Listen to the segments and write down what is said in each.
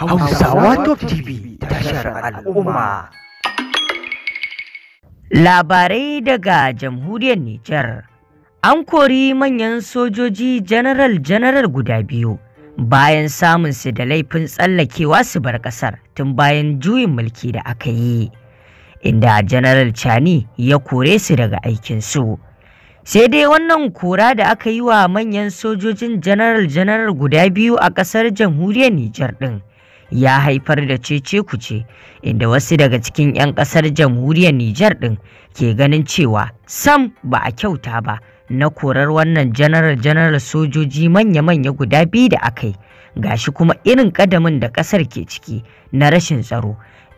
Hausawa Top TV tashar al'umma. Labarai daga jamhuriyar Nijar. An kori manyan sojoji janaral-janaral guda biyu bayan samun su da laifin tsallakewa su bar kasar tun bayan juyin mulki da aka yi. Inda janaral Chani ya kore su daga aikinsu. Sai dai wannan kora da aka yi wa manyan sojojin janaral-janaral guda biyu a kasar jamhuriyar Nijar ɗin. ya haifar da cece kuce inda wasu daga cikin 'yan kasar jamhuriyar Nijar ɗin ke ganin cewa sam ba a kyauta ba na korar wannan janaral-janaral sojoji manya-manya guda biyu da akai, yi gashi kuma irin ƙadamin da ƙasar ke ciki na rashin tsaro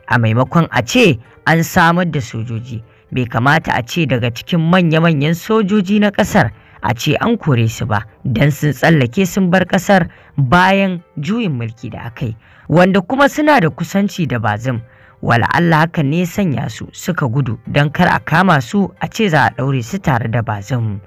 a maimakon a ce an samar da sojoji bai kamata a ce daga cikin manya-manyan sojoji na ƙasar a ce an kore su ba don sun tsallake sun bar ƙasar bayan juyin mulki da aka yi wanda kuma suna da kusanci da bazim wala Allah hakan ne sanya su suka gudu don kar a kama su a ce za a ɗaure su tare da bazim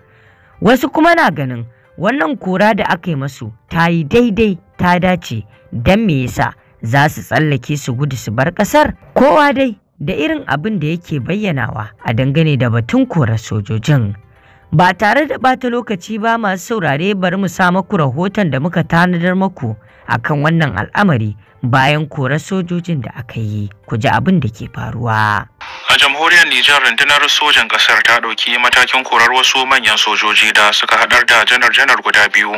wasu kuma na ganin wannan kora da aka yi masu ta yi daidai ta dace don me yasa za su tsallake su gudu su bar ƙasar kowa dai da irin abin da yake bayyanawa a dangane da batun korar sojojin ba tare da bata lokaci ba masu saurare bari mu sa maku rahoton da muka tanadar maku akan wannan al'amari bayan korar sojojin da aka yi ku ji abin da ke faruwa. A jamhuriyar Nijar rundunar sojan kasar ta ɗauki matakin korar wasu manyan sojoji da suka haɗar da janar-janar guda biyu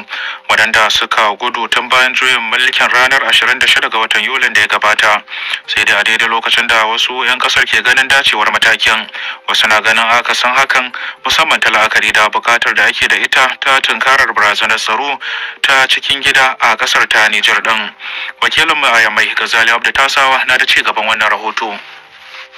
waɗanda suka gudu tun bayan juyin mulkin ranar 26 ga watan Yulin da ya gabata. Sai dai a daidai lokacin da wasu 'yan kasar ke ganin dacewar matakin wasu na ganin akasin hakan musamman ta la'akari da buƙatar da ake da ita ta tunkarar barazanar tsaro ta cikin gida a kasar ta Nijar ɗin. Wakilinmu ya mai gazali abda tasawa na da ci gaban wannan rahoto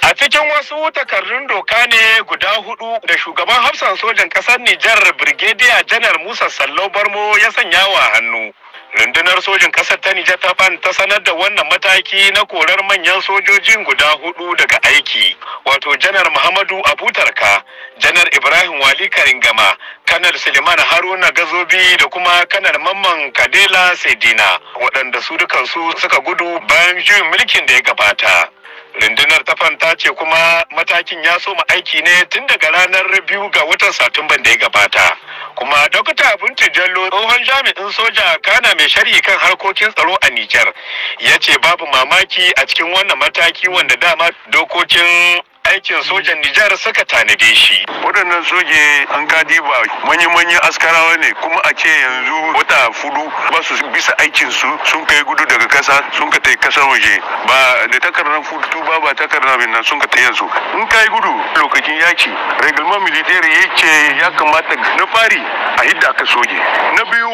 A cikin wasu takardun doka ne guda hudu da shugaban hafsan sojan ƙasar Nijar Birgediya Janar Musa Sallau Barmo ya sanya wa hannu. rundunar sojin ƙasar ta nijar ta fan ta sanar da wannan mataki na korar manyan sojojin guda hudu daga aiki wato janar muhammadu abutarka janar ibrahim wali karingama kanar suleiman haruna gazobi da kuma kanar mamman kadela sedina waɗanda su dukansu suka gudu bayan juyin mulkin da ya gabata rundunar tafan ta ce kuma matakin ya soma aiki ne tun daga ranar biyu ga watan satumban da ya gabata kuma dokta abinci jallo tsohon jami'in soja kana mai sharhi kan harkokin tsaro a nijar ya ce babu mamaki a cikin wannan mataki wanda dama dokokin aikin sojan Nijar suka tanade shi. Waɗannan soje an ba manya-manyan askarawa ne kuma a ce yanzu wata fudu ba su bisa aikin su sun kai gudu daga kasa sun ka tai kasar waje ba da takardar fudu ba ba takardar bin nan sun ka tai yanzu. In kai gudu lokacin yaki reglement militaire ya ce ya kamata na fari a hidda ka soje. Na biyu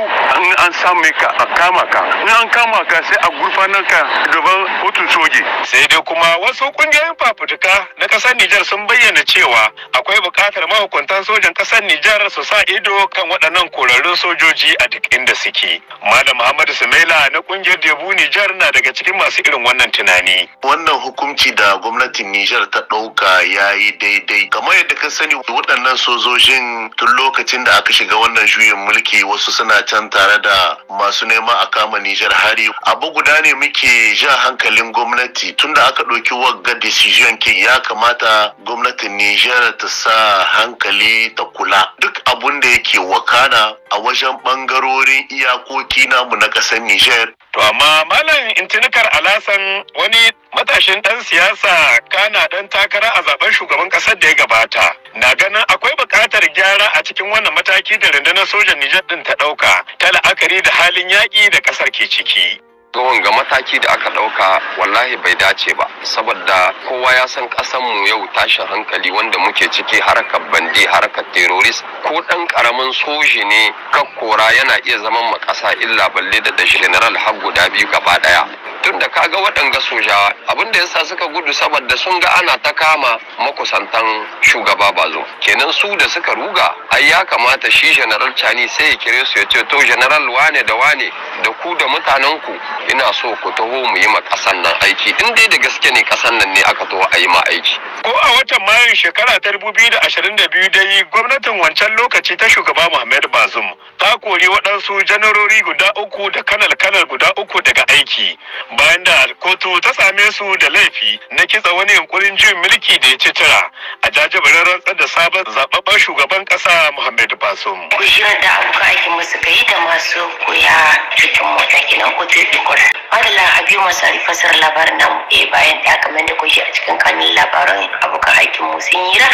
an same ka a kama ka. In an kama ka sai a gurfanar ka daban otun soje. Sai dai kuma wasu kungiyoyin fafutuka na kasar Nijar sun bayyana cewa akwai bukatar mahukuntan sojan kasar Nijar su sa ido kan waɗannan korarrun sojoji a duk inda suke. Malam Muhammadu Sumaila na ƙungiyar Debu Nijar na daga cikin masu irin wannan tunani. Wannan hukunci da gwamnatin Nijar ta ɗauka ya yi daidai. Kamar yadda ka sani waɗannan sojojin tun lokacin da aka shiga wannan juyin mulki wasu suna can tare da masu nema a kama Nijar hari. Abu guda ne muke jan hankalin gwamnati tunda aka ɗauki wagga decision ke ya kamata kamata gwamnatin Nijar ta sa hankali ta kula duk abun da yake wakana a wajen bangarorin iyakoki namu na ƙasar Nijar. To amma malam intinikar alasan wani matashin ɗan siyasa kana ɗan takara a zaben shugaban ƙasar da ya gabata. Na ganin akwai buƙatar gyara a cikin wannan mataki da rundunar sojan Nijar ɗin ta ɗauka ta la'akari da halin yaƙi da ƙasar ke ciki. ga mataki da aka ɗauka wallahi bai dace ba saboda kowa ya san mu yau tashin hankali wanda muke ciki harkar bandi harkar terrorist ko ɗan ƙaramin soji ne kakkora yana iya zaman ma ƙasa illa balle da da general har guda biyu gaba ɗaya tunda kaga waɗanga sojawa abin da yasa suka gudu saboda sun ga ana ta kama makusantan shugaba bazo kenan su da suka ruga ai ya kamata shi general chani sai ya kire su ya ce to general wane da wane da ku da mutanen ku ina so ku taho mu yi ma ƙasan nan aiki in dai da gaske ne ƙasan nan ne aka taho a yi ma aiki ko a watan mayun shekara ta 2022 dai gwamnatin wancan lokaci ta shugaba Muhammad Bazum ta kori waɗansu janarori guda uku da kanal kanal guda uku daga aiki bayan da kotu ta same su da laifi na kitsa wani yunkurin juyin mulki da ya ci tira a jajibirin rantsar da sabon zababban shugaban kasa Muhammad basum. Kushirin da abokan aikin musu kai da masu koya cikin mota kinan kotu dukkan. Madalla Habibu Masari fasar labarin nan eh, bayan da aka da kushi a cikin kanin labaran abokan aikin mu sun ra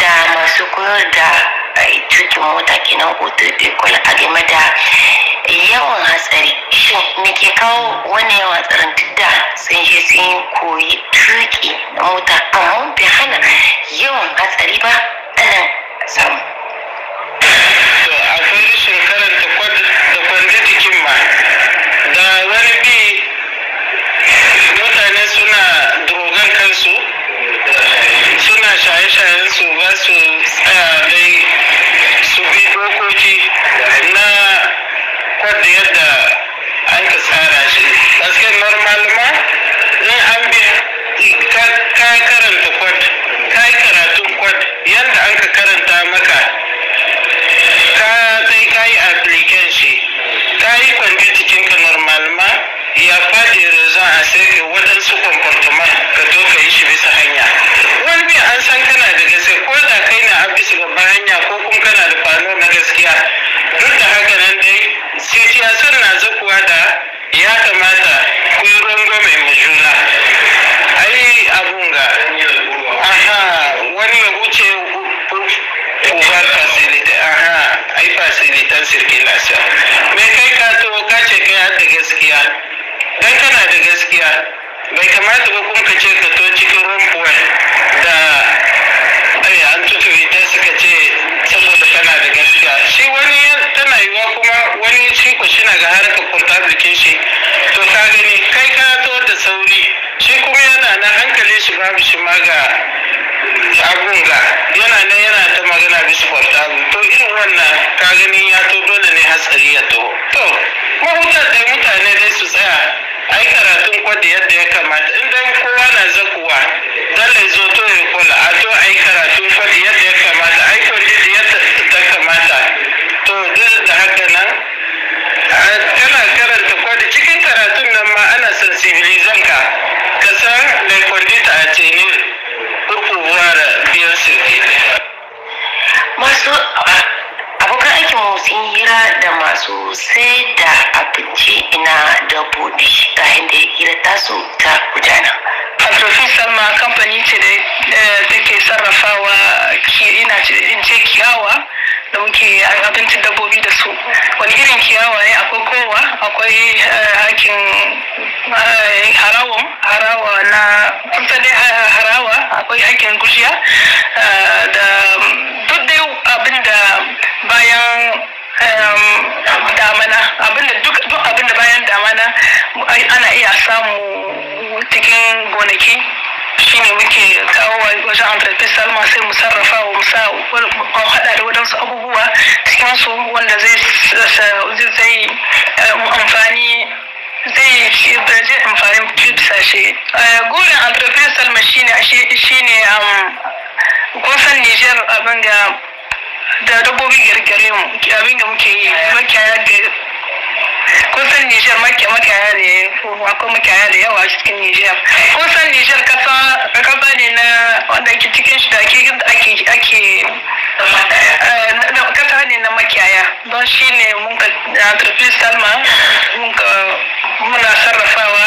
da masu koyar da cikin eh, mota kenan kotu dukkan a game da yawan hatsari shin me ke kawo wani yawan tsarin da sun je sun koyi tuki na mota amma bai hana yawan hatsari ba ana samu karanta ma da wani bi mutane suna a sai waɗansu kwamfartumar ka zo ka yi shi bisa hanya wani an san kana da gaske ko da kai na an bisa babban hanya ko kuma kana da fano na gaskiya duk da haka nan dai san na zakuwa da ya kamata ku yi mai juna ai abun ga aha wani ya wuce kubar fasilita aha ai fasilitan sirkilasa me kai ka to ka ce kai da gaskiya Idan kana da gaskiya bai kamata ba kun ka ce ka to cikin rumfuwar da eh, an tutu ita suka ce saboda kana da gaskiya shi wani tana yiwuwa kuma wani shi ku shina ga harka kurta bikin shi to ka gani kai ka to da sauri shi kuma yana na hankali shi babu shi ma ga ga yana nan yana ta magana bisa kwartabu to irin wannan ka gani ya to dole ne hatsari ya to to mahutar da mutane dai su tsaya a yi karatun kwada yadda ya kamata in dai kowa na zakuwa dole zo to ya kula a to a yi karatun kwada yadda ya kamata a yi kwada yadda ta kamata to duk da haka nan kana karanta kwada cikin karatun nan ma ana sensibilizan ka ka san da masu abokan aikin mu sun hira da masu sai da abinci ina dabbobi ga inda hira tasu ta gudana Atrofin Salma kamfani ce da take sarrafawa ina in ce kiyawa da muke abincin dabbobi da su wani irin kiyawa ne akwai kowa akwai eh, hakin eh, harawa na kusa eh, harawa akwai aikin kushiya eh, da duk dai abin da bayan eh, damana abinda duk abinda bayan damana ana iya samu cikin gonaki shine muke kawo wajen antarctic salma sai mu sarrafa wa musa hada da waɗansu abubuwa cikinsu wanda zai eh, amfani zai shi zai amfanin fipsa shi eh, gurin entrepreneur salma shine shine um, kusan san niger abin da dabbobi gare mu abin da muke yi makiyaya Nijar makiyaya ne akwai makiyaya da yawa cikin Nijar. Kun san Nijar kasa ne na wanda ke cikin shi da ake ake eh, kasa ne na makiyaya don shi ne mun ka tafi Salma mun ka muna sarrafawa.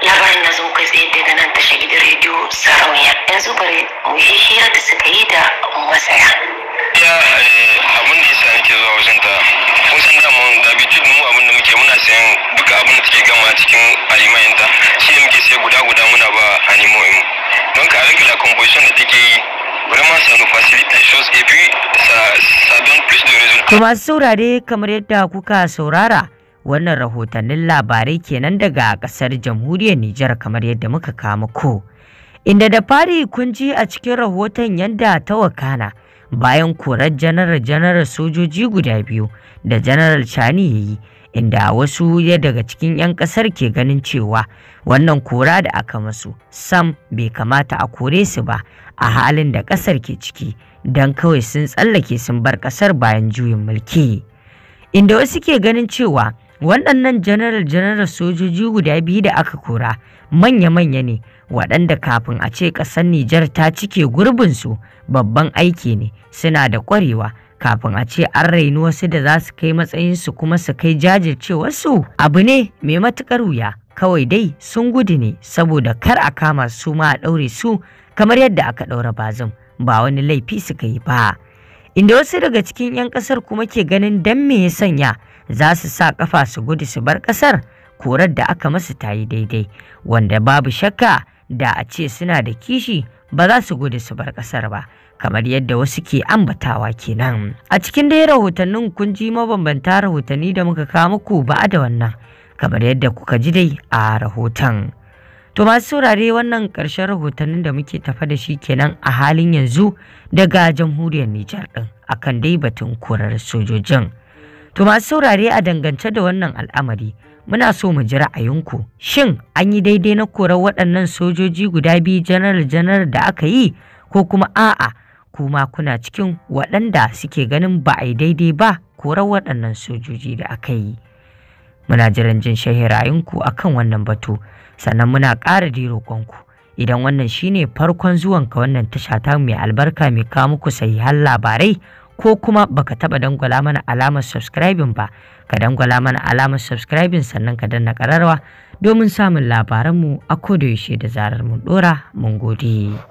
Labarin na zo kai tsaye daga nan tashar da rediyo Sarauniya yanzu bari mu yi hira da suka yi da masaya. Eh, abin to masu saurare kamar yadda kuka saurara wannan rahotannin labarai kenan daga kasar jamhuriyar Nijar kamar yadda muka kama ko. Inda da fari kun ji a cikin rahoton yadda ta wakana bayan korar janaral-janaral sojoji guda biyu da janaral Chani ya yi inda wasu ya daga cikin 'yan kasar ke ganin cewa wannan kora da aka masu sam bai kamata a kore su ba a halin da kasar ke ciki don kawai sun tsallake sun bar kasar bayan juyin mulki inda wasu ke ganin cewa waɗannan janaral-janaral sojoji guda biyu da aka kora manya-manya ne waɗanda kafin a ce ƙasar Nijar ta cike gurbinsu babban aiki ne suna da ƙwarewa kafin a ce an raini wasu da za su kai matsayinsu kuma su kai jajircewarsu abu ne mai matuƙar wuya kawai dai sun gudu ne saboda kar a kama su ma a ɗaure su kamar yadda aka ɗaura bazum ba wani laifi suka yi ba inda wasu daga cikin 'yan ƙasar kuma ke ganin dan me ya sanya za su sa ƙafa su gudu su bar ƙasar korar da aka masu ta yi daidai wanda babu shakka da a ce suna da kishi ba za su gode su bar kasar ba kamar yadda wasu ke ambatawa kenan a cikin dai rahotannin kun ji mabambanta rahotanni da muka kawo muku ba da wannan kamar yadda kuka ji dai a rahoton to masu saurare wannan karshen rahotannin da muke tafa da shi kenan a halin yanzu daga jamhuriyar nijar din akan dai batun korar sojojin to masu saurare a dangance da wannan al'amari muna so mu ji ra'ayinku shin an yi daidai na korar waɗannan sojoji guda biyu janar-janar da aka yi ko kuma a'a kuma kuna cikin waɗanda suke ganin ba a yi daidai ba korar waɗannan sojoji da aka yi muna jiran jin ra'ayinku a kan wannan batu sannan muna ƙara di roƙonku idan wannan shine farkon zuwanka wannan tasha ta mai albarka mai kawo muku sahihan labarai ko kuma baka taba dangwala mana alamar subscribing ba ka dangwala mana alamar subscribing sannan ka danna kararwa domin samun labaranmu a kodayaushe da zarar mun dora mun gode